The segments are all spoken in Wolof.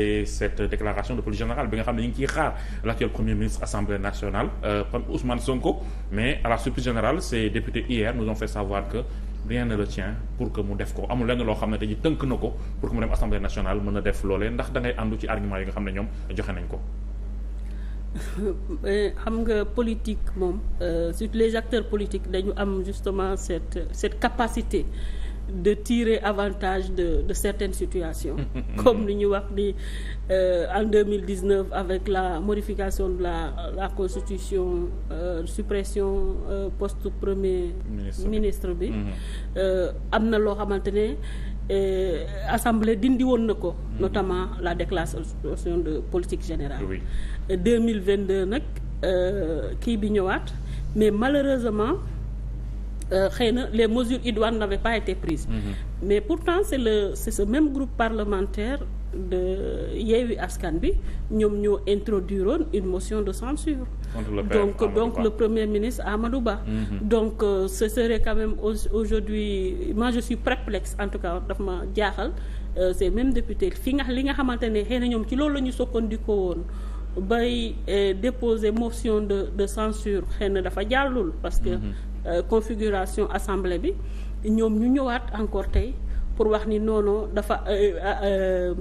et cette déclaration de politique générale bi nga xam ne ñu ngi ciy xaar l'actuel premier ministre assemblée nationale euh, Ousmane Sonko mais à la générale ces députés hier nous ont fait savoir que rien ne le tient pour que mu def ko amul lenn loo xam ne tey tënk na ko pour que mu dem assemblée nationale mën a def loolee ndax da àndu ci argument yi nga xam ne ñoom joxe nañ ko. Eh, xam nga politique moom euh, surtout les acteurs politiques dañu am justement de tirer avantage de de certaines situations. comme lu ñu wax ni euh, en deux mille dix neuf avec la modification de la la constitution euh, suppression euh, post premier. ministre bi ministre mm-hmm. euh, am na loo xamante ne. assemblée dindi woon na ko mm-hmm. notamment la déclaration de politique générale oui. 2022 nag kii bi ñëwaat mais malheureusement Euh, xëy na les mesures idoines n'avaient pas été prises mm-hmm. mais pourtant c'est le c'est ce même groupe parlementaire de Yewwi Askan bi ñoom ñoo introduiroon une motion de censure donc donc Ba. le premier ministre Amadou Ba mm-hmm. donc euh, ce serait quand même aujourd'hui moi je suis perplexe en tout cas dafa ma jaaxal euh, ces mêmes députés fi nga li nga xamante ne xëy na ñoom ci loolu la ñu sokkandikoo woon bay euh, déposer motion de de censure xëy na dafa jàllul parce que mm-hmm. Euh, configuration assemblée bi ñoom ñu ñëwaat encore tey pour wax ni noonu dafa euh, euh,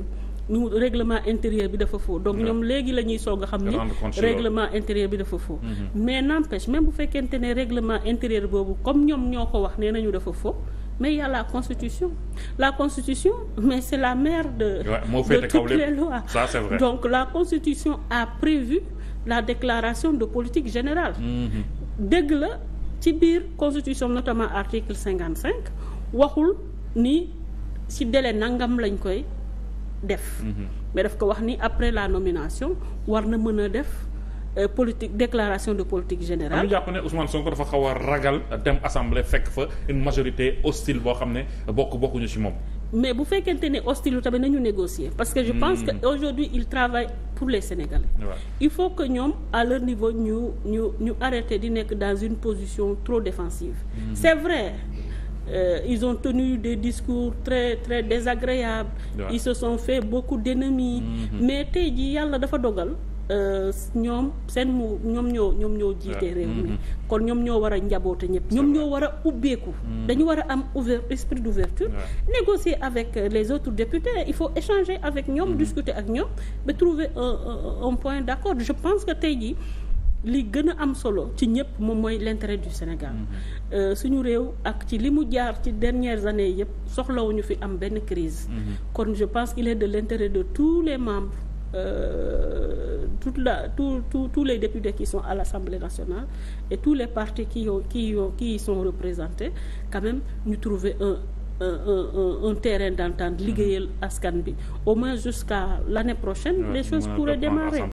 nu règlement intérieur bi dafa faux donc ñoom léegi la ñuy soog a xam ni règlement intérieur bi dafa faux mm-hmm. mais n'empêche même bu fekkente ne règlement intérieur boobu comme ñoom ñoo ko wax nee nañu dafa faux mais il la constitution la constitution mais c'est la maire de ouais, de les lois donc la constitution a prévu la déclaration de politique générale mm-hmm. dëgg la ci biir constitution notamment article cinquante cinq waxul ni ci délai nangam lañ koy def. Mhm. mais daf ko wax ni après la nomination war na mën a def euh, politique déclaration de politique générale. ñu jàpp ne Ousmane Sonko dafa xaw a ragal dem assemblée fekk fa une majorité hostile boo xam ne bokk bokkuñu ci moom. mais bu fekkente ne hostile tamit nañu négocier parce que je pense hmm. que aujourd'hui il travaille pour les sénégal Ouais. il faut que ñoom à leur niveau ñu ñu ñu arrêter di nekk dans une position trop défensive. Mmh. c'est vrai. Euh, ils ont tenu des discours très très désagréables. Ouais. Ils se sont fait bokku d'ennemis. mm Mais tey jii yàlla dafa dogal. Euh, ñoom seen mu ñoom ñoo ñoom ñoo jiite réew mi mm-hmm. kon ñoom ñoo war a njaboote ñëpp ñoom ñoo war a ubbeeku mm-hmm. dañu war a am ouvert esprit d'ouverture négocier avec euh, les autres députés il faut échanger avec ñoom mm-hmm. discuter ak ñoom ba trouver un point d'accord je pense que tey jii li gën a am solo ci ñëpp moom mooy l'intérêt du Sénégal euh, suñu réew ak ci li mu jaar ci dernières années yëpp soxlawuñu fi am benn crise kon je pense qu'il est de l'intérêt de tous les membres euh, toute la tout tout tous les députés qui sont à l'Assemblée nationale et tous les partis qui y ont qui y ont qui y sont représentés quand même ñu trouver un un un un terrain d'entente liggéeyal askan bi au moins jusqu'à l'année prochaine. les choses pourraient démarrer.